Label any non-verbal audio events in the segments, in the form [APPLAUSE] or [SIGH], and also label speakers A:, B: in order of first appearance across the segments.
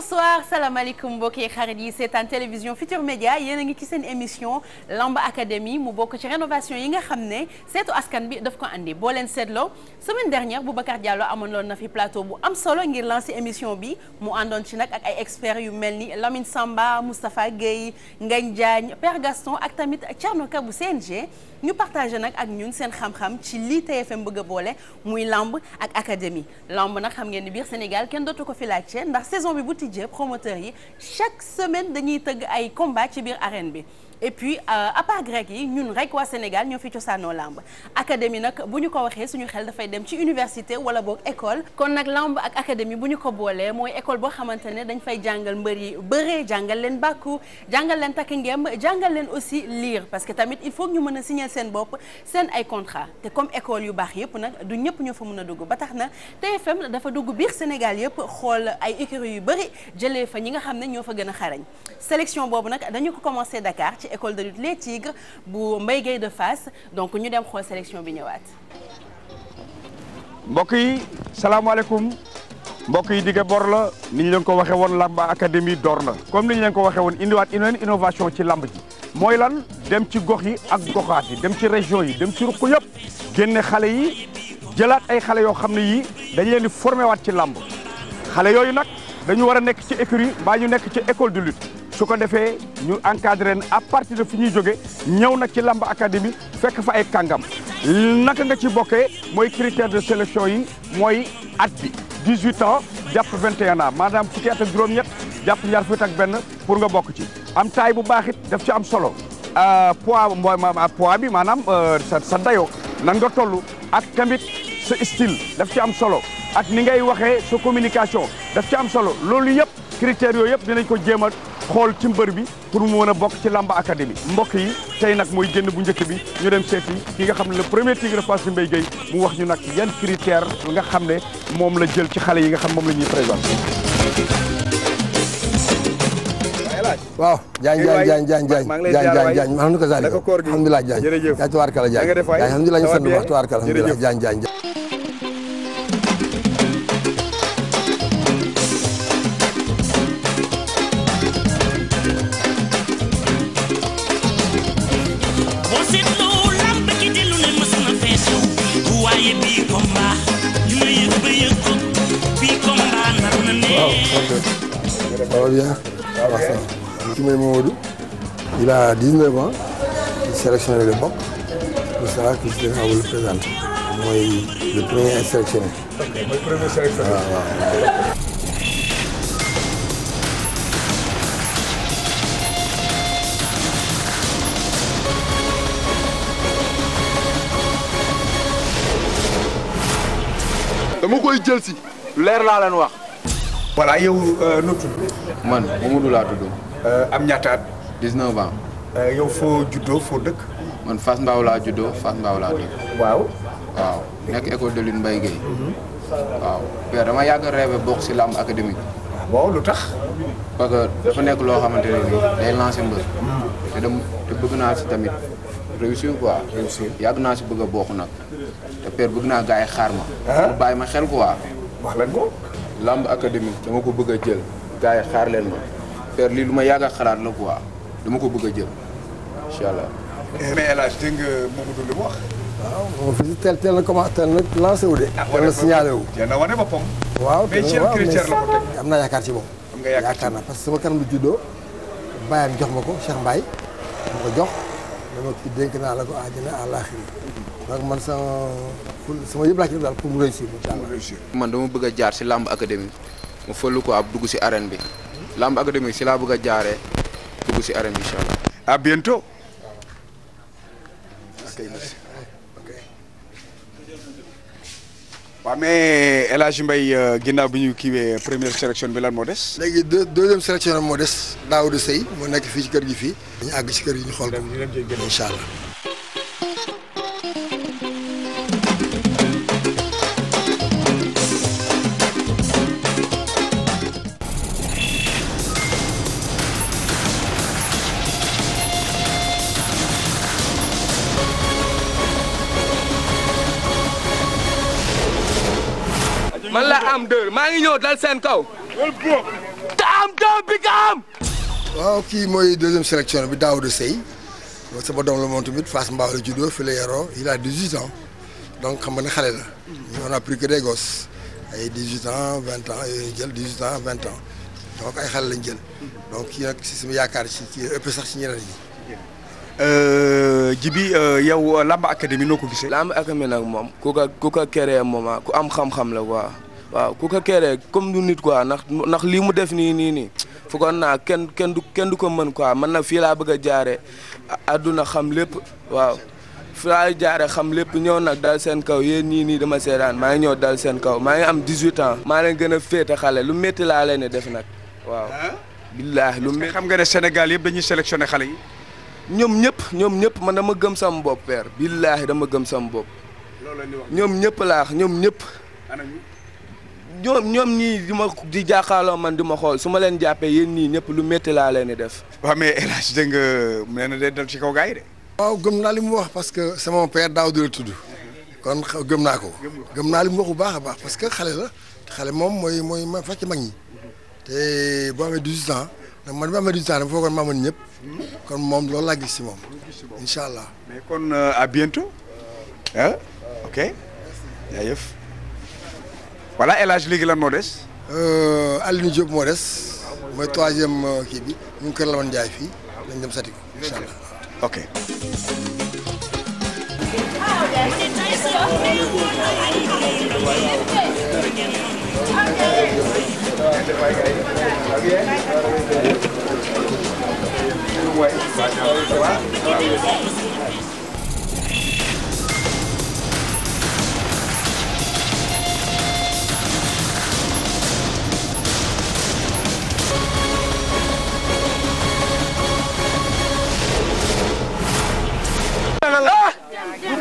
A: bonsoir salaamaaleykum mbokki xarit yi seetaan télévision Futur Média yéen a ngi ci seen émission Lamb Académie mu bokk ci rénovation yi nga xam ne seetu askan bi daf ko andi boo leen seetloo semaine dernière Boubacar Diallo amoon loon na fi plateau bu am solo ngir lancer émission bi mu àndoon ci nag ak ay experts yu mel ni Lamine Samba Moustapha Guèye ngay Diagne Père Gaston ak tamit Thierno Ka bu CNG ñu partagé nag ak ñun seen xam-xam ci lii TFM bëgg a boole muy lamb ak académie lamb nag xam ngeen ni biir Sénégal kenn dootu ko fi laajte DJ promoteurs yi chaque semaine dañuy tëgg ay combat ci biir arène bi et puis euh, à part grec yi ñun rek waa Sénégal ñoo fi cosaanoo lamb académie nag bu ñu ko waxee suñu xel dafay dem ci université wala boog école kon nag lamb ak académie bu ñu ko boolee mooy école boo xamante ne dañ fay jàngal mbër yi bëree jàngal leen bàkku jàngal leen takk ngemb jàngal leen aussi lire parce que tamit il faut ñu mën a signer seen bopp seen ay contrat te comme école yu baax yëpp nag du ñëpp ñoo fa mun a dugg ba tax na TFM dafa dugg biir Sénégal yëpp xool ay écuries yu bëri jëlee fa ñi nga xam ne ñoo fa gën a xarañ sélection boobu nag dañu ko commencé Dakar ci école de lutte les Tigres bu mbay Guèye de Fass donc ñu dem xool sélection bi ñëwaat.
B: mbokk yi salaamaaleykum mbokk yi digga bor la ni ñu leen ko waxee woon lamba académie door na comme ni ñu leen ko waxee woon indiwaat une innovation ci lamb ji mooy lan dem ci gox yi ak goxaat yi dem ci région yi dem ci ruq yëpp génne xale yi jëlaat ay xale yoo xam ne yii dañu leen di formé waat ci lamb xale yooyu nag dañu war a nekk ci écurie mbaa ñu nekk ci école de lut su ko defee ñu encadré leen à partir de fi ñuy jóge ñëw nag ci lamb académie fekk fa ay kàngam naka nga ci bokkee mooy critère de sélection yi mooy at bi 18 ans jàpp 21 ans maanaam fukki at ak juróom-ñett jàpp ñaar fukki ak benn pour nga bokk ci am taay bu baax it daf ci am solo euh, poids mooy poids bi maanaam euh, sa sa dayoo nan nga toll ak tamit sa style daf ci am solo ak ni ngay waxee sa communication daf ci am solo loolu yëpp critères yooyu yëpp dinañ ko jéem a xool ci mbër bi pour mu mën a bokk ci lamba académie mbokk yi tey nag mooy génn bu njëkk bi ñu dem seeti ki nga xam ne le premier tigre de Fass Mbaye mu wax ñu nag yan critère nga xam ne moom la jël ci xale yi nga xam moom la ñuy présenté.
C: waaw Diagne Diagne Diagne Diagne Diagne Diagne maa ngi ko Zane alhamdulilah Diagne. jërëjëf jaajëf tubaarkala Diagne alhamdulilah ñu sant bu baax tubaarkala alhamdulilah Diagne Diagne. bien. Ah, qui m'aime a 19 ans, il sélectionné le BOC. C'est pour cela que je vais vous le présenter. Moi, le premier sélectionné.
B: le premier sélectionné. Ah, ah.
C: dama koy jël si
B: leer laa leen wax voilà yow euh, nu tudd. man Mamadou laa tudd. Euh, am ñaata at. 19 ans. Euh, yow foo juddoo foo dëkk. man Fass Mbao laa juddoo Fass Mbao laa dëkk. waaw. nekk école de lune Mbaye Guèye.
D: Mhm. waaw
B: père dama yàgg a rêvé si làmb académique. waaw ah lu tax. parce que dafa nekk loo xamante ne nii day lancé mbër. Hmm. te dem te bëgg naa si tamit réussir quoi. réussir yàgg naa si bëgg a bokk nag. te père bëgg naa gars yi xaar ma. mu ah. bàyyi ma xel quoi. wax làmb académique dama ko bëgg a jël gars yi xaar leen ma faire lii lu ma yàgg a xalaat la quoi dama ko bëgg a jël incha allah. mais
C: El teel teel na commencé teel na lancé wu de. Ah, teel na signalé wu.
B: teel na wane boppam.
C: waaw mais am naa yaakaar ci moom. am nga yaakaar ci moom parce que sama kanam lu juddoo bàyyam jox ma ko Cheikh Mbaye ma ko jox. dama kii naa la ko àddina àllaaxira donc man sama sama yëpp laa ci def daal pour mu réussir
B: man dama bëgg a jaar si làmb académie ma fëllu ko ab dugg si arène bi làmb académie si laa bëgg a jaaree dugg si arène bi incha allah à waaw mais El mbay Mbaye euh, ginnaaw bi ñu kiiwee première sélection bi lan moo
C: des. léegi deux deuxième sélection moo des Daoud Seye moo nekk fii ci kër gi fii. ñu àgg ci kër gi ñu xool ko incha allah.
D: am maa ngi ñëw dal seen kaw.
C: te am bi nga am. waaw kii mooy deuxième sélection bi Daouda Seye mooy sama doom la moom tamit Fass Mbao la juddoo fi la yaroo il a 18 ans donc xam nga ne xale la. on a pris que des ay 18 ans ans yooyu jël 18 ans 20 ay xale lañ jël donc kii nag si sama yaakaar ci kii ëpp sax ci ñeneen ñi.
B: Euh, Jibi euh, yow Lamba Académie noo ko gisee. Lamba Académie nag moom ku ko ku ko créé ku am xam-xam la quoi. waaw ku ko keree comme du nit quoi ndax ndax lii mu def nii nii nii foogoon naa kenn kenn du kenn du ko mën quoi man nag fii laa bëgg a jaaree àdduna xam lépp waaw fii laa jaaree xam lépp ñëw nag dal seen kaw yéen nii nii dama seedaan maa ngi ñëw dal seen kaw maa ngi am 18 ans. maa leen gën a féete xale lu métti laa leen def nag waaw. billaahi lu métti xam nga ne Sénégal yëpp dañuy sélectionné xale yi. ñoom ñëpp ñoom ñëpp man dama gëm sama bopp père billaahi dama gëm sama bopp. loolu la ñuy wax ñoom ñëpp laax ñoom ñëpp. ñoom ñoom nii di ma di jàkkaarloo man di ma xool su ma leen jàppee yéen ñii ñëpp lu métti laa leen di def. waaw mais El Hadj dégg nga nee na day dal
C: ci kaw gars yi de. gëm naa li mu wax parce que sama père daaw di la tudd kon gëm naa ko. gëm naa li mu wax bu baax a baax parce que xale la xale moom mooy mooy ma fàcc mag ñi te boo amee 18 ans nag man bi amee 18 ans dama foogoon maa mën ñëpp kon moom loolu laa gis si moom incha allah.
B: mais kon euh, à bientôt ok jaajëf. voilà El Hadj léegi lan moo des.
C: Euh, Alioune Diop moo des mooy troisième euh, kii bi ñu ngi kër dem Satik incha allah ok.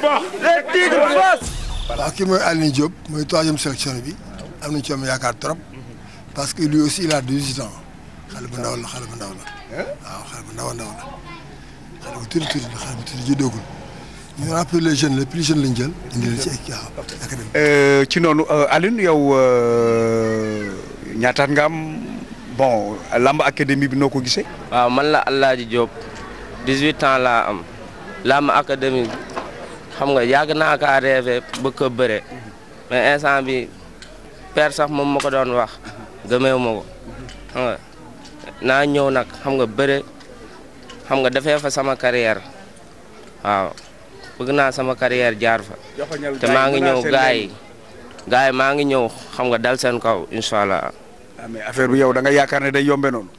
B: baax les tigres fas.
C: waaw mooy Alioune Diop mooy troisième sélection bi am nañu ci am yaakaar trop parce que lui aussi il a 18 ans xale bu ndaw la xale bu ndaw la xale bu ndaw ndaw juddoogul ñu rappelé les jeunes les plus jeunes lañ jël. indi leen ci ay
B: euh, ci noonu euh, Alioune yow euh, ñaataat nga am bon lamb académie bi noo ko gise
D: waaw man la Alaaji Diop 18 ans laa am lamb académie. xam nga yàgg naa kaa rêvé bëgg ko bëre mais instant bi père sax moom ma ko doon wax gëmeewu ma ko naa ñëw nag xam nga bëre xam nga dafee fa sama carrière waaw bëgg naa sama carrière jaar fa te maa ngi ñëw gars yi maa ngi ñëw xam nga dal seen kaw incha allah. Ah, mais affaire bi yow da nga yaakaar ne day yombe noonu.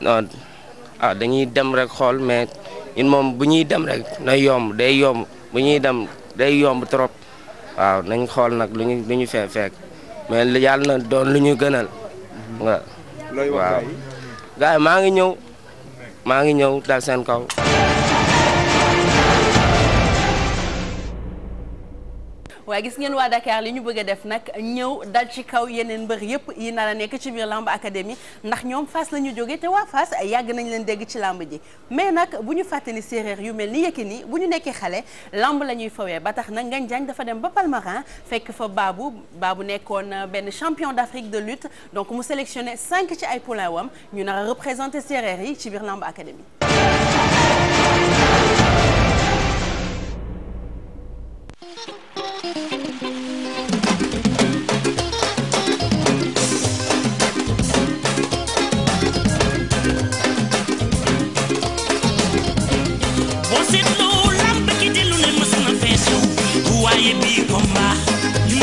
D: non ah dañuy dem rek xool mais ñun moom bu ñuy dem rek na yomb day yomb. bu ñu dem day yomb trop waaw nañ xool nag lu ñu lu ñu fee fekk mais yàlla doon lu ñu gënal. Mm-hmm. waaw looy wax ngi ñëw maa ngi ñëw dal seen kaw.
A: waaye gis ngeen waa Dakar li ñu bëgg def nag ñëw dal ci kaw yeneen mbër yëpp yi nar a nekk ci biir lamb académie ndax ñoom fas la ñu jóge te waa Fass yàgg nañ leen dégg ci lamb ji mais nag bu ñu fàttali séeréer yu mel ni Yékini bu ñu nekkee xale lamb la ñuy fawee ba tax nag Ngagne jàng dafa dem ba Palmarin fekk fa Babou Babou nekkoon euh, benn champion d'Afrique de lutte donc mu sélectionné cinq ci ay poulain wam ñu nar a représenté séeréer yi ci biir lamb académie
D: yi bii combat ñu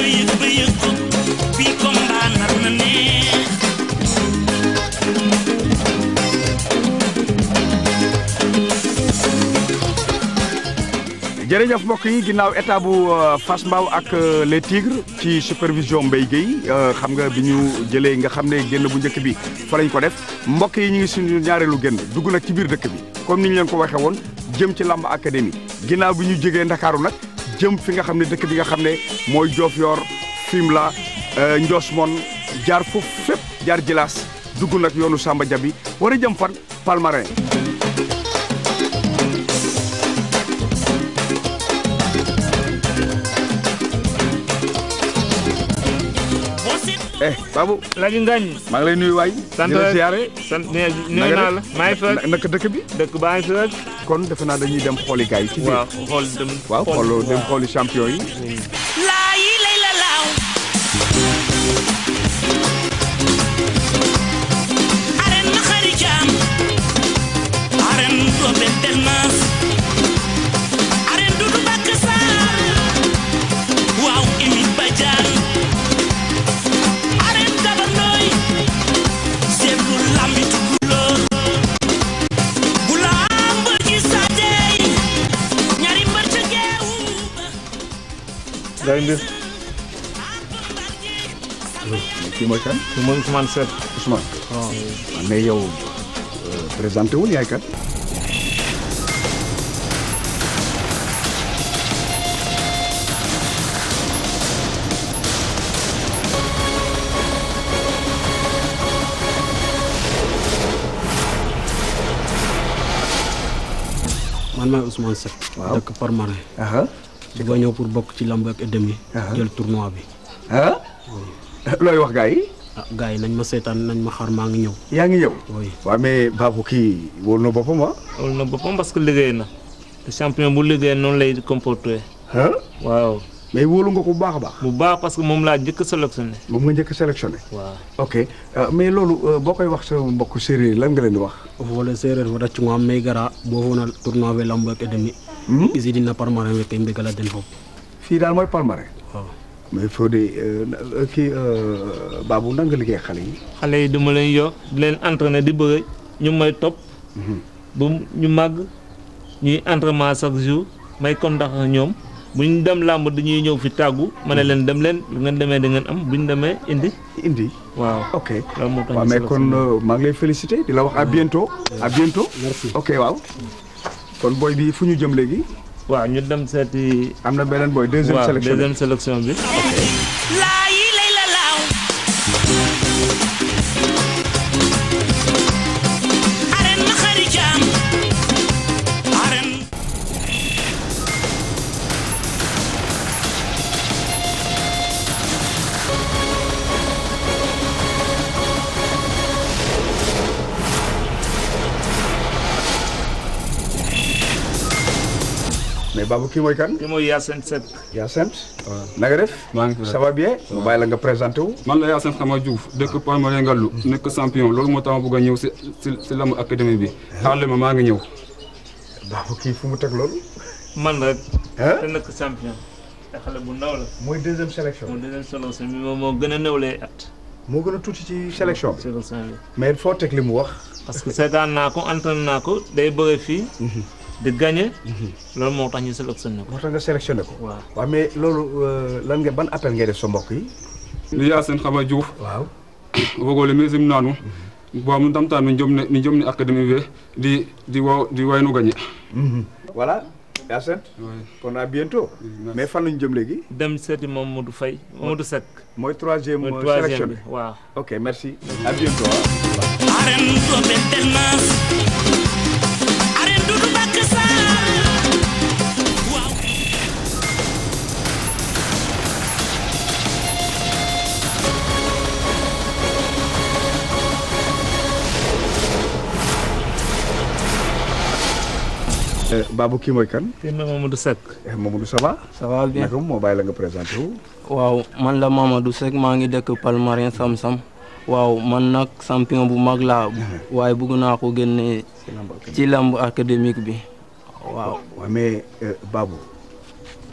B: jërëjëf mbokk yi ginnaaw état bu euh, Fass Mbao ak euh, les Tigres ci supervision Mbaye Guèye euh, xam nga bi ñu jëlee nga xam ne génn bu njëkk bi fa ko def mbokk yi ñu ngi suñu ñaareelu génn dugg nag ci biir dëkk bi comme ni ñu leen ko waxee jëm ci làmb académie ginnaaw bi ñu jógee Ndakaaru nag jëm fi nga xam ne dëkk bi nga xam ne mooy Diofior Fimela euh, Ndiosmone jaar foofu fépp jaar Jilaas dugg nag yoonu Samba Dia bi war a fan Palmarin eh Babou. Ladi Ngagne. maa ngi lay nuyu waay. sant di la siyaare sant nuyu naa la. maa ngi fi naka dëkk bi. dëkk baa ngi kon defe naa dañuy dem xooli gars yi. ci biir waaw xool dem. waaw xool dem xooli champion yi. mooy kan. mooy Ousmane Seck. Ousmane. waaw oh. ah, mais yow euh, présenté wul yaay kan.
D: man maay Ousmane Seck. waaw dëkk Parmarin. dama ñëw pour bokk ci lamb ak demi. jël
B: tournoi bi. looy wax gars yi. ah gars yi nañ ma seetaan nañ ma xaar maa ngi ñëw. yaa ngi ñëw. oui waaw mais Babou kii wóolu na boppam ah.
E: wóolu na boppam parce que liggéey na. te champion bu liggéey noonu lay comporté. waaw. mais wóolu nga ko bu baax a baax. bu baax parce que moom laa njëkk a sélectionné.
B: moom nga njëkk a sélectionné. waaw ok euh, mais loolu euh, boo koy wax sa mbokk séeréer lan nga leen di wax. wala séeréer fa dacc mo am may gara boo foog na tournoi bi lamb ak demi. gis hmm? dina palmarin foofu. fii daal mooy palmarin. mais de euh, euh, kii euh, Babou nan nga liggéey xale yi. xale yi dama leen
E: yor di leen entraîné di bëre ñu may topp. Mhm. bu ñu màgg ñuy entraînement chaque jour may kontaan ak ñoom bu ñu dem làmb dañuy ñëw fi tàggu. ma ne mhm. leen dem leen bu ngeen demee da ngeen am bu ñu demee indi. indi waaw ok. loolu moo waaw mais kon
B: maa ngi lay félicité di la wax à bientôt. à bientôt merci ok waaw. kon booy bi fu ñu jëm léegi. waaw ñu dem seeti. am na beneen booy deuxième sélection bi deuxième sélection bi. mais Babou kii mooy kan. kii mooy Yacine Seck. Yacine. waaw def. maa ngi ça va mu bàyyi la nga présenté wu. man la Yacine Xama Diouf dëkk Palmarin Ngallu nekk champion loolu moo tax ma bëgg a ñëw si lamb académie bi. ma maa ngi ñëw. Babou kii fu
E: mu teg loolu. man la. te nekk champion. te xale bu ndaw la. mooy deuxième sélection. mooy deuxième bi moom moo gën a néewlee at.
B: moo gën a tuuti ci sélection bi. mais foo teg li mu wax.
E: parce que seetaan naa ko entraîné naa ko day bëgg fii. Mhm. de gagner.
B: Mhm. loolu moo tax ñu sélectionné ko. moo tax nga sélectionné ko. waaw mais loolu euh, lan ban appel ngay def sa mbokk yi. li Yacine Xama Diouf. waaw. [COUGHS] wogole mi sim naanu. boobu mhm. ndamtaan mi jom ne mi ne académie bi di di wa di waynu gagné. Mhm. voilà. a kon à bientôt. mais fan lañu jëm léegi. dem seeti Mamadou Faye Mamadou Seck. mooy troisième sélection bi waaw. ok merci. à bientôt. Eh, Babou kii mooy kan. kii mooy Mamadou Seck. Eh, Mamadou ça va. ça va moo bàyyi la nga présenté wu.
D: waaw man la Mamadou Seck maa ngi dëkk Palmarin Sam-Sam. waaw man nag champion bu mag laa. [LAUGHS] waaye bëgg naa ko génne. ci lamb académique bi. waaw mais eh, Babou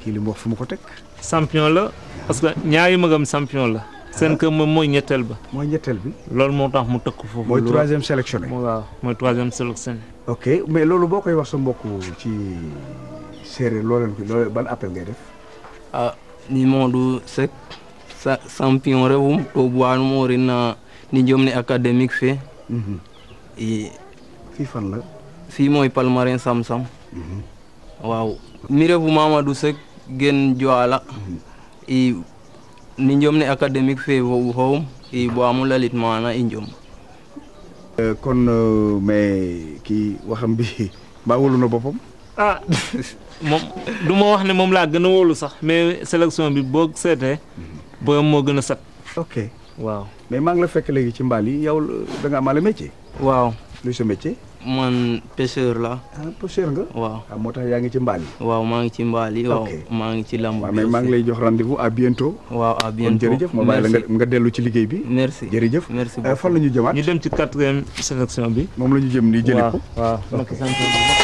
D: kii li mu wax fu mu ko teg. champion la parce que
E: ñaari magam sampion la. seen ah. kër moom mooy ñetteel ba. mooy ñetteel bi. loolu moo tax mu tëkk foofu. mooy mooy troisième sélectionné.
B: ok mais loolu boo koy wax sa mbokk ci séeréer loo leen ko loo ban appel ngay def
D: ah ni Modou Seck sa champion rewum to ɓuwanmo rena ni mhm. fii fan la fii mooy Palmarin Sam Sam mhm. waaw mi refu Mamadou Seck gen Joala mhm. i ni jomni académique fe fo'u xowum i ɓuwaamo lalit maana i njom
B: Euh, kon euh, mais kii waxam bi mbaa [LAUGHS] wóolu na boppam.
D: ah
E: [LAUGHS] moom du ma wax ne moom laa gën a wóolu sax mais sélection bi boog seetee mhm. booyam moo gën a set. ok
B: waaw mais maa ngi la fekk léegi ci mbaal yi yow euh, da nga amaale
D: métier. waaw luy sa métier. man pêcheur la. ah nga. waaw ah moo tax yaa ngi ci mbaal yi. waaw maa ngi ci mbaal yi. waaw maa ngi ci
B: lamb bi. mais maa ngi lay jox rendez-vous à bientôt. waaw à bientôt jërëjëf ma bàyyi la nga dellu ci liggéey bi. merci jërëjëf. merci euh, fan la ñu jëmaat. ñu dem ci quatrième
E: sélection bi. moom la ñu jëm nii jëli ko. waaw waaw.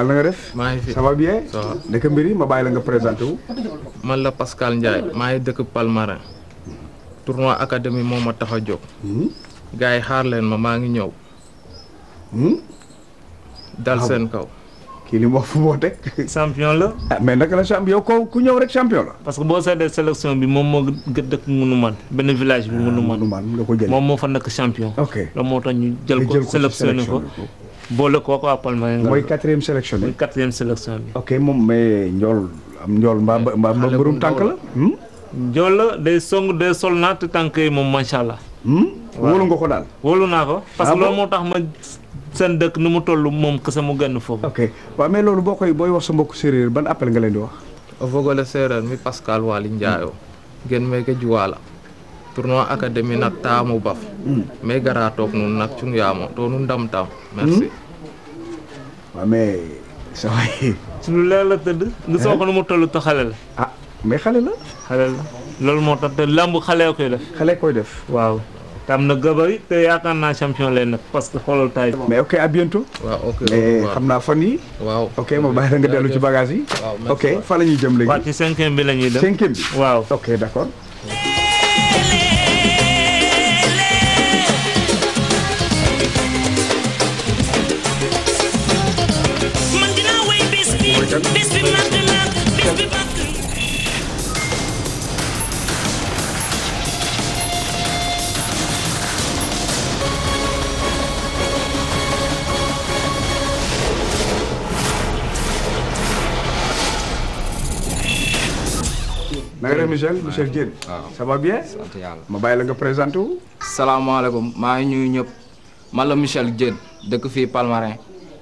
B: Pascal maa ngi fi ça va bien. ça va nekk mbir yi ma bàyyi la nga présenté wu.
E: man la Pascal Ndiaye. maa ngi dëkk Palmarin. tournoi académie moo ma tax a jóg. Hmm? gars yi xaar leen ma maa ngi ñëw. Hmm? dal ah seen kaw. kii li mu wax fu moo teg. champion la. ah mais naka la champion ko ku ñëw rek champion la. parce moo gën dëkk Ngunumaan benn village bi Ngunumaan. Ngunumaan nga ko jël moom tax ñu jël ko sélectionné ko. boole kooku waa Palmarin. mooy
B: quatrième sélection bi mooy
E: quatrième sélection bi.
B: ok moom mais njool am njool mbaa mbaa mbërum tànk la. Hmm?
E: njool la day song day sol naat tànk yi moom macha allah. Hmm? wóolu nga ko daal. wóolu naa ko ah parce que moo tax ma. seen dëkk nu mu toll moom kese mu gën foofu. ok waaw mais loolu boo koy booy wax sa mbokk séeréer ban appel nga leen di wax. o fogole séeréer mi Pascal Waly Ndiayo. Hmm. gen meke juwaala tournoi académie nak taamu baf hmm. mais gara took nun nak cungyamo to nu ndamtam merci
B: hmm. waaw mais sa waay
E: lu leer la tëdd nga soo ko nu mu toll te xale la ah mais xale la xale la loolu moo tax te lamb xale koy def xale koy def waaw te na gabari te yaakaar naa champion lay nag parce que xoolal taay mais ok waaw ok
B: naa fan yi waaw ok
D: ma bàyyi la nga dellu ci bagage yi ok
B: fa la ñuy léegi waaw ci cinquième bi la dem cinquième bi waaw ok d'accord naka la Michel Michel Diène. waaw ça bien. sant yàlla ma bàyyi la nga présenté wu.
D: salaamaaleykum maa ngi ñëpp man la Michel Diène dëkk fii Palmarin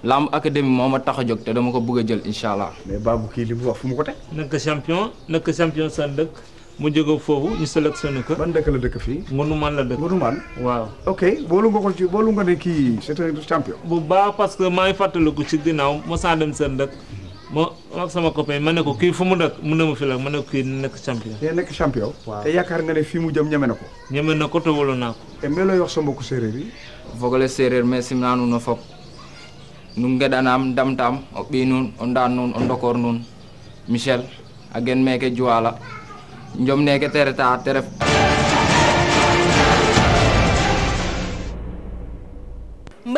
D: Lamb académie moo ma tax a jóg te dama ko bëgg a jël incha allah.
E: mais Babou kii li mu wax fu mu ko teg. nekk champion nekk champion seen dëkk mu jóge foofu ñu sélectionné ko. ban dëkk la dëkk fii. Ngounouane la dëkk
B: Ngounouane. waaw ok boolu nga ko ci boolu nga ne kii c'est un champion. bu baax
E: parce que fàttaliku ci ginnaaw ma saa dem seen ma ak sama copain ma ne ko kii fu mu dëkk mu a ma fi la ma ne ko kii nekk champion.
B: te yaakaar nga ne fii mu jëm ñeme na ko.
E: ñeme ko te wóolu
D: naa ko.
B: te mais looy sa mbokku séeréer yi.
D: fogole séeréer mais simnaanu na fop nu ngeɗanaam ndamtaam o ɓii nuun o ndaan nuun o ndokoor nuun michel a gen meeke juwaala njom neeke te reta te ref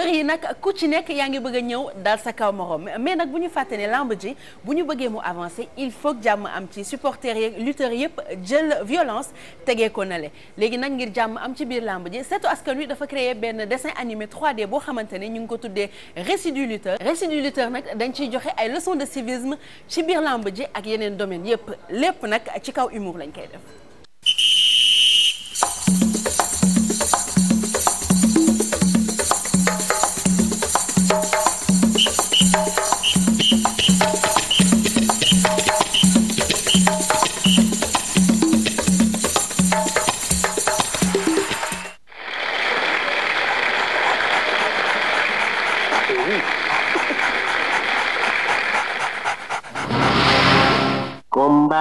A: mbër yi nag ku ci nekk yaa ngi bëgg a ñëw dal sa kaw morom mais nag bu ñu fàtte ne lamb ji bu ñu bëggee mu avancer il faut jàmm am ci supporters yeeg lutteurs yëpp jël violence tegee ko nale léegi nag ngir jàmm am ci biir lamb ji seetu askan wi dafa créer benn dessin animé 3D boo xamante ne ñu ngi ko tuddee récit du lutteur récit nag dañ ciy joxe ay leçons de civisme ci biir lamb ji ak yeneen domaines yëpp lépp nag ci kaw humour lañ koy def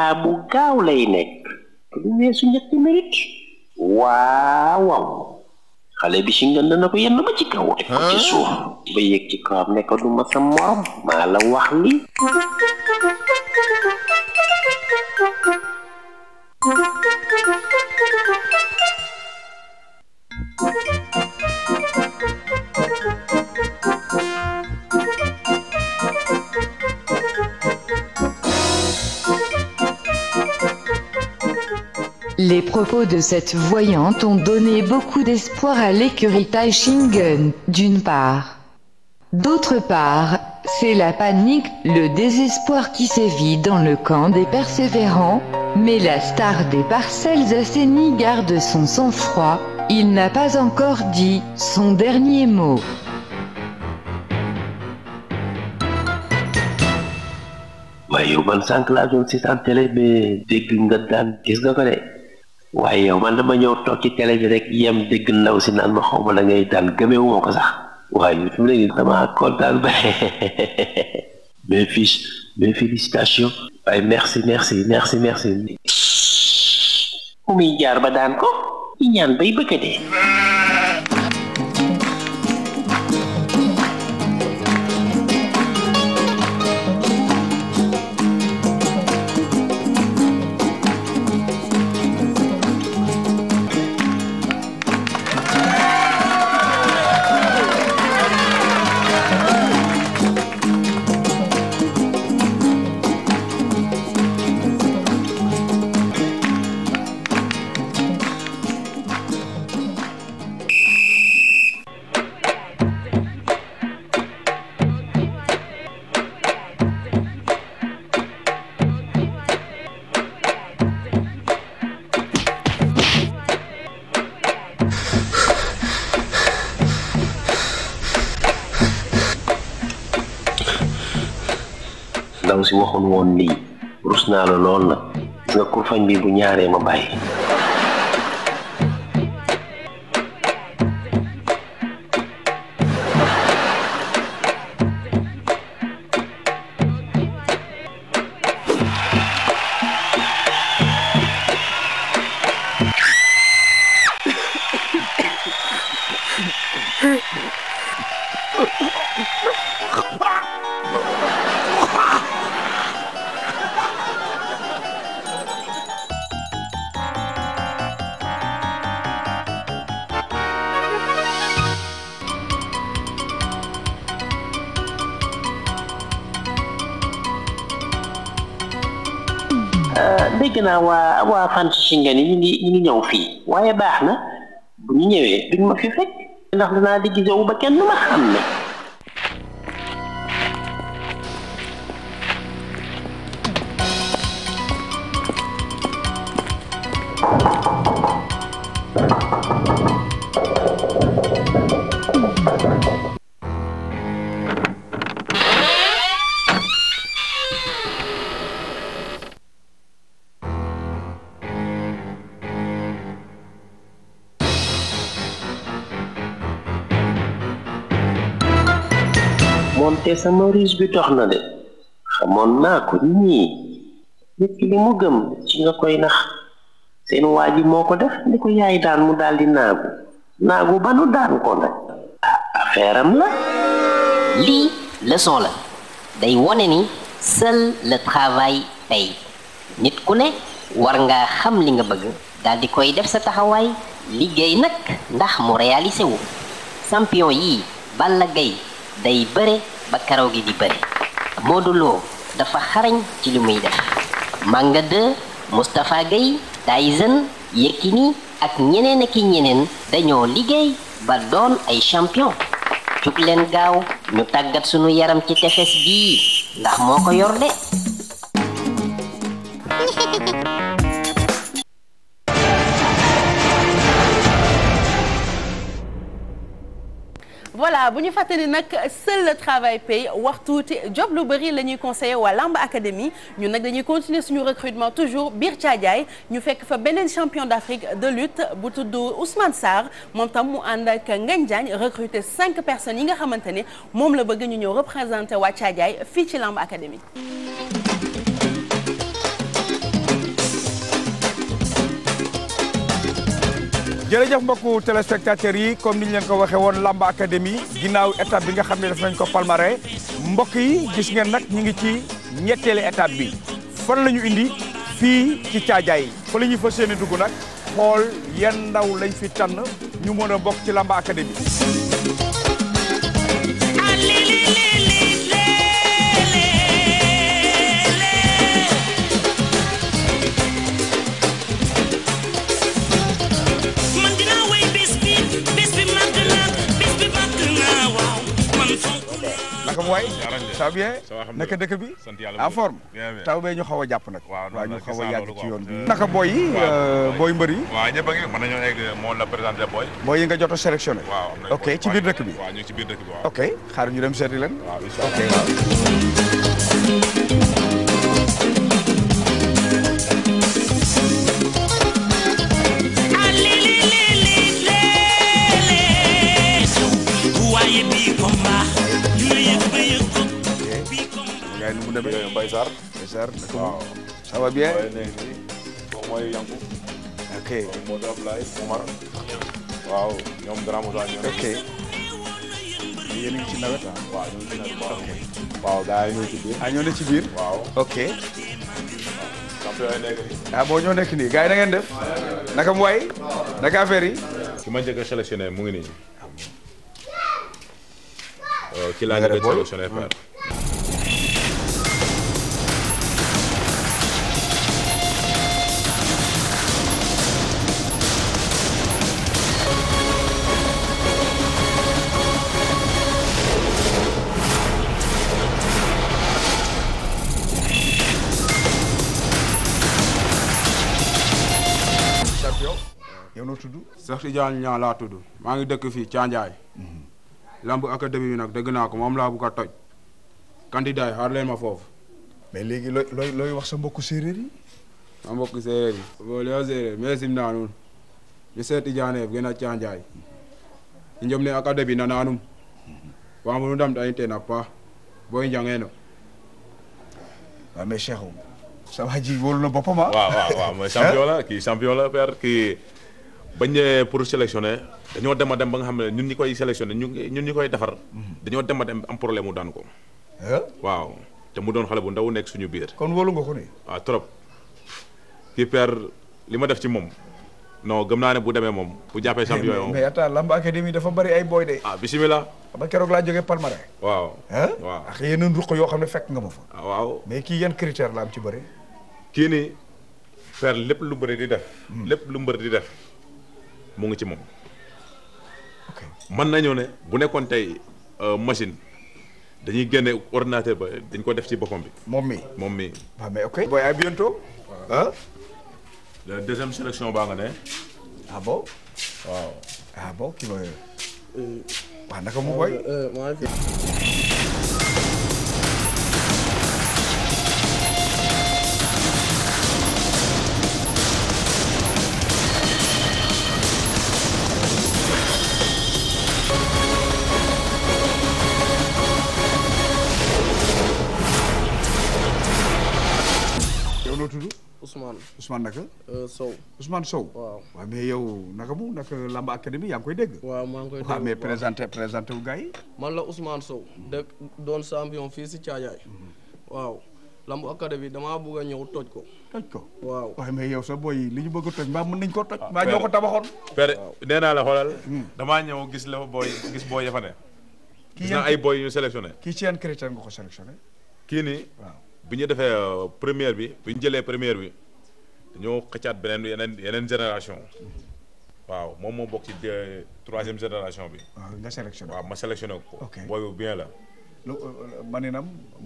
D: résultat bu gaaw lay nekk lu weesu ñetti minute waawaw xale bi si ngënd na ko yenn ba ci kaw teg ko ci suuf ba yëg ci kawam ne ko du ma morom maa la wax li
F: Les propos de cette voyante ont donné beaucoup d'espoir à l'écurie Taishingen, d'une part. D'autre part, c'est la panique, le désespoir qui sévit dans le camp des persévérants, mais la star des parcelles assainies garde son sang-froid, il
D: n'a pas encore dit son dernier mot. waaye yow man dama ñëw toog ci télé bi rek yem dégg ndaw si naan ma xaw ma la ngay daan gëmeewu moo ko sax waaye fi mu ne nii dama kontaan ba [LAUGHS] mais fii mais félicitation waaye merci merci merci merci. mu muy jaar ba daan ko. i ñaan bay bëgg a ndaw si waxul woon lii rus naa la lool nag gis nga kurfañ bi bu ñaaree ma bàyyi waa waa waa fant shingani ñu ngi ñu ngi ñëw fii waaye baax na bu ñu ñëwee duñ ma fi fekk ndax dinaa di gisow ba kenn ma xam ne te sama riis bi tox na de xamoon naa ko nii nit ki li mu gëm ci nga koy nax seen waa ji moo ko def ni ko yaay daan mu daldi naagu naagu ba nu daan ko nag ah affaire la lii
C: leçon la day wone ni seul le travail paye nit ku ne war ngaa xam li nga bëgg di koy def sa taxawaay liggéey nag ndax mu réalisé wu champion yii Balla day bëre ba karaw gi di bëri Modou Lo dafa xarañ ci li muy def Manga 2 Moustapha Gueye Tyson Yékini ak ñeneen ak ñeneen dañoo liggéey ba doon ay champion jug leen gaaw ñu tàggat sunu yaram ci tefes bii ndax moo ko yor de
A: voilà bu ñu fàttali nag seul le travail paye wax tuuti job lu bëri la ñuy conseillé waa Lamb Académie ñu nag dañuy continuer suñu recrutement toujours biir Thiadiaye ñu fekk fa beneen champion d'Afrique de lutte bu tudd Ousmane Sarr moom tam mu ànd ak Ngagne Diagne recruter cinq personnes yi nga xamante ne moom la bëgg ñu ñëw représenter waa Thiadiaye fii ci Lamb Académie
B: jërëjëf mbokku téléspectateurs yi comme ni ñu leen ko waxee woon Lamba Académie ginnaaw étape bi nga xam ne def nañ ko palmarin mbokk yi gis ngeen nag ñu ngi ci ñetteelu étape bi fan la ñu indi fii ci caajaay fa la fa fas yéene dugg nag xool yan ndaw lañ fi tànn ñu mën a bokk ci Lamba Académie ça bien naka dëkk bi en forme taw bee ñu xaw a jàpp nag waaw ñu xaw a yàgg ci yoon bi euh, naka booy yi euh, booy mbër yi
F: waaw ñëpp a ngi mën euh,
B: moo yi nga jot a sélectionné ok ci biir dëkk bi bi ok xaar ñu dem seeti leen
F: ok
B: yaay nu mu demee Mbaye Sarr Mbaye Sarr waaw ça va bien
F: mooy Yankou ok Modou Ablaye Omar waaw ñoom grand moto ok yéen a ci nawet waaw ñoo ñoo ci biir ah ñoo ne ci biir waaw ok
B: ah boo ñoo nekk nii gars yi na def naka mu waay naka affaire ki ma njëkk
F: a sélectionné mu ngi nii ci laa njëkk Tidiane Niang laa
B: tudd maa ngi dëkk fii Thiandiaye mhm. lamb académie bi nag dégg naa ko moom laa bugg a toj candidat yi leen ma foofu mais léegi looy looy looy wax sa mbokku séeréer yi ma mbokku séeréer yi bo leo séeréer mais sim naa nuun mi see Tidiane gën a Thiandiaye ne académie nananum mhm. wamunu ndamta in teen a paax bo i njangeeno waaw mais Cheikh sa waa ji wóolu na boppam ah waaw waaw waaw mooy
F: champion la kii bañ ñëwee pour sélectionner dañoo dema dem ba nga xam ne ñun ñi koy sélectionner ñu ñun ñi koy defar. dañoo dem a dem am problème mu daan ko. Eh? waaw te mu doon xale bu ndaw nekk suñu biir. kon wolu nga ko ni waaw ah, trop. kii père li ma def ci moom. non gëm naa ne bu demee moom bu jàppee champion yooyu. mais
B: attends Lamb Académie dafa bari ay boy de. ah bisimilah. laa jógee Palmarin.
F: waaw eh? waaw ah
B: yeneen ruq yoo xam ne fekk nga ma fa. Ah, waaw mais kii yan critère la ci bëri.
F: kii ni faire lépp lu bëri di def. lépp lu mbër di def. Hmm. mu ngi ci moom. mën nañoo ne bu nekkoon tey euh, machine dañuy génne ordinateur ba dañ ko def ci boppam bi. moom mi moom mi.
B: waaw mais ok. booy à bientôt.
F: ah. la deuxième sélection baa nga ne. Ah waaw. ah bon kii ba. waaw mu koy.
D: Euh, euh,
B: noo tudd. Ousmane. Ousmane naka. Euh, Sow Ousmane Sow. waaw waaw mais yow naka bu naka Lamba Académie yaa ngi koy dégg. waaw maa ngi koy dégg présenté présenté wu gars yi.
D: man la Ousmane Sow. dëkk doon
B: champion fii si Thiadiaye. Mhm. waaw Lamba Académie damaa bëgg a ñëw toj ko. toj ko waaw waaye mais yow sa boy li ñu bëgg a toj mbaa mën nañ ko toj. Ah, mbaa ñoo ko tabaxoon.
F: père nee naa la xoolal. Hmm. damaa ñëw gis la booy gis booy ya ay boy yu sélectionné.
B: kii ci yan critère nga ko
F: kii nii bi ñu defee euh, première bi bi ñu jëlee première bi dañoo xëccaat beneen yeneen yeneen génération waaw moom moo bokk ci troisième génération bi. waaw ah, nga sélectionné waaw ma sélectionné ko. ok booy bu bien la. lu euh, euh, maninam.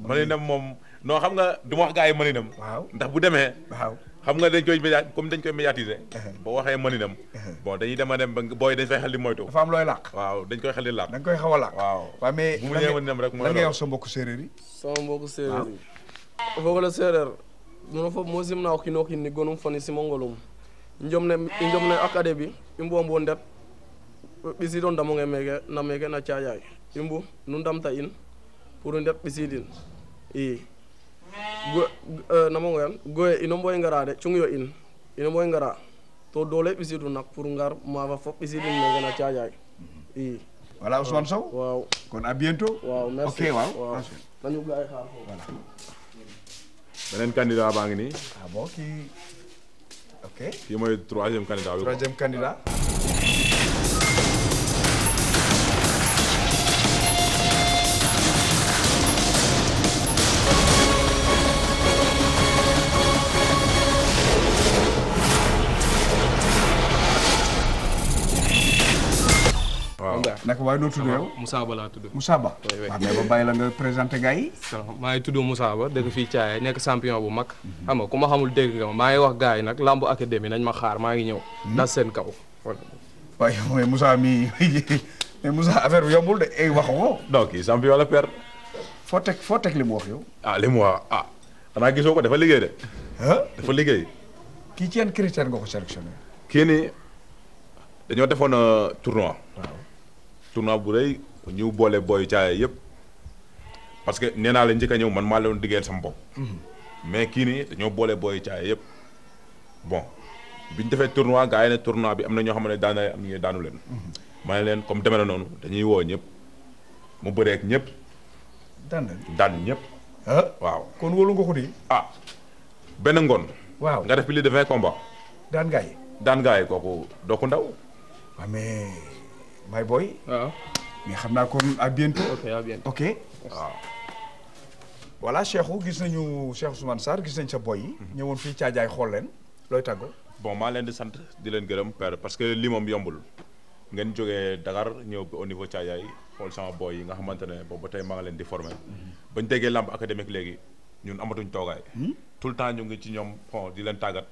F: maninam moom non xam nga du ma wax gars yi maninam. waaw ndax bu demee. waaw xam nga dañ koy média comme dañ koy médiatiser. boo waxee maninam. bon dañuy dem a dem ba booy dañ fay xel di moytu. dafa am looy làq. waaw dañ koy xel di làq. dañ koy xaw a làq. waaw waaw mais. bu mu ñëwee maninam rek mo loolu sa
B: mbokku séeréer yi. sama mbokku fogole seereer mino fof mo simna o kino kinni gonum foni simongolum jomne i jomne akade bi i mbombo ndet ɓisiido ndamonge meeke na meeke na nu ndamta in pour ndet ɓisiidin i eh, namongoyan goye ngara de cungyo in ino ngara to doole ɓisiidu nak pour ngar maafa fop ɓisiidin meeke na caaƴaay i voilà Ousmane Sow waaw
F: kon à bientôt waaw merci ok waaw
B: nañu gaay xaar foofu voilà
F: beneen candidat baa ngi nii. ah bon kii ok. kii mooy troisième candidat bi. troisième
B: candidat. naka waaye noo tudd yow. laa tudd. Moussa Ba. waaw mais ba bàyyi la nga présenté gars yi. maa ngi tudd Moussa Ba dëkk fii Thiaye nekk champion bu mag. xam nga ma xamul dégg nga ma maa ngi wax gars yi nag lamb académie nañ ma xaar maa ngi ñëw. dal hmm? seen ka waaye mooy Moussa mii [LAUGHS] mais Moussa affaire bi yombul de ay eh, wax
F: ko. donc kii champion la père.
B: foo teg foo teg li mu wax yow.
F: ah li mu wax ah xanaa gisoo ko dafa liggéey de. dafa liggéey.
B: kii ci yan critère nga ko sélectionné.
F: kii nii dañoo defoon euh, tournoi. waaw tournoi bu rëy ñu boole booy caaya yëpp parce que nee naa la njëkk ñëw man maa leen diggeel sama bopp. Mhm. mais kii nii dañoo boole booy caaya yëpp bon bi ñu defee tournoi gars yi ne tournoi bi am na ñoo xam ne daan am ñu daanu leen. Mhm. ma leen comme demee na noonu dañuy woo ñëpp mu bëree ak ñëpp. daan daan ñëpp. Ah. waaw kon wóolu nga ko di. ah benn ngoon. waaw nga def li de vingt combat. daan gaay daan gaay kooku doo ko ndaw.
B: Ah, my boy. waaw mais xam naa comme à bientôt. ok à bientôt ok waaw. voilà Cheikhou gis nañu Cheikh Ousmane Sarr gis nañ sa boy yi. Mhm. ñëwoon fii caajaay xool
F: leen looy tàggoo. bon maa leen di sant di leen gërëm père parce que lii moom yombul ngeen jógee Dakar ñëw au niveau caajaay xool sama boy yi nga xamante ne boobu ba tey maa leen di formé. Mhm. bañ déggee làmb académique léegi ñun amatuñ toogaay. Hmm? tout le temps ñu ngi ci ñoom bon di leen tàggat.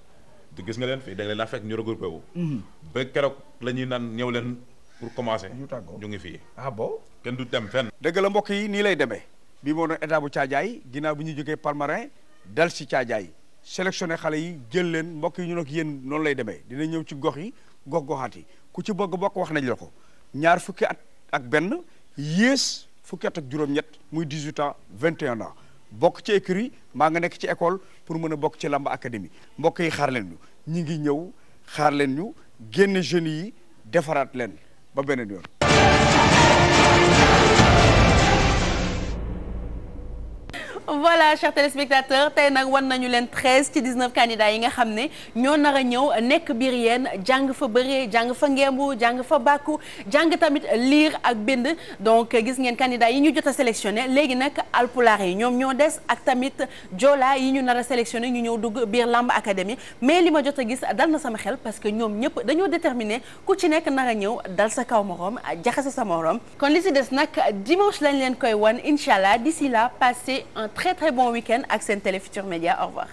F: di gis nga leen fii da nga leen a fekk ñu regroupé hmm. ñëw leen. pour commencer ñu tàggoo ñu ngi fii ah bon kenn du dem fenn dëgg la mbokk yi nii lay demee bii
B: moo doon état bu Caajaay ginnaaw bu ñu jógee Palmarin dal si Caajaay sélectionné xale yi jël leen mbokk yi ñu nag yéen noonu lay demee dina ñëw ci gox yi gox goxaat yi ku ci bëgg bokk wax nañ la ko ñaar fukki at ak benn yées fukki at juróom-ñett muy 18 ans 21 ans bokk ci écurie maa nga nekk ci école pour mën a bokk ci lamba académie mbokk yi xaar leen ñu ñi ngi ñëw xaar leen ñu génn jeunes yi defaraat leen ba beneen yoon
A: voilà chers téléspectateurs tey nag wan nañu leen treize ci dix-neuf candidats yi nga xam ne ñoo nar a ñëw nekk biir yéen jàng fa bëree jàng fa ngembu jàng fa bàkku jàng tamit liir ak bind donc gis ngeen candidats yi ñu jot a sélectionné léegi nag alpulaar yi ñoom ñoo des ak tamit joolaa yi ñu nar a sélectionné ñu ñëw dugg biir Lamb Academy mais li ma jot a gis dal na sama xel parce que ñoom ñëpp dañoo déterminé ku ci nekk nar a ñëw dal sa kaw moroom jaxase sa moroom kon li si des nag dimanche lañ leen koy wan incha allah d'ici très très bon week-end ak seen Télé Futurs Médias au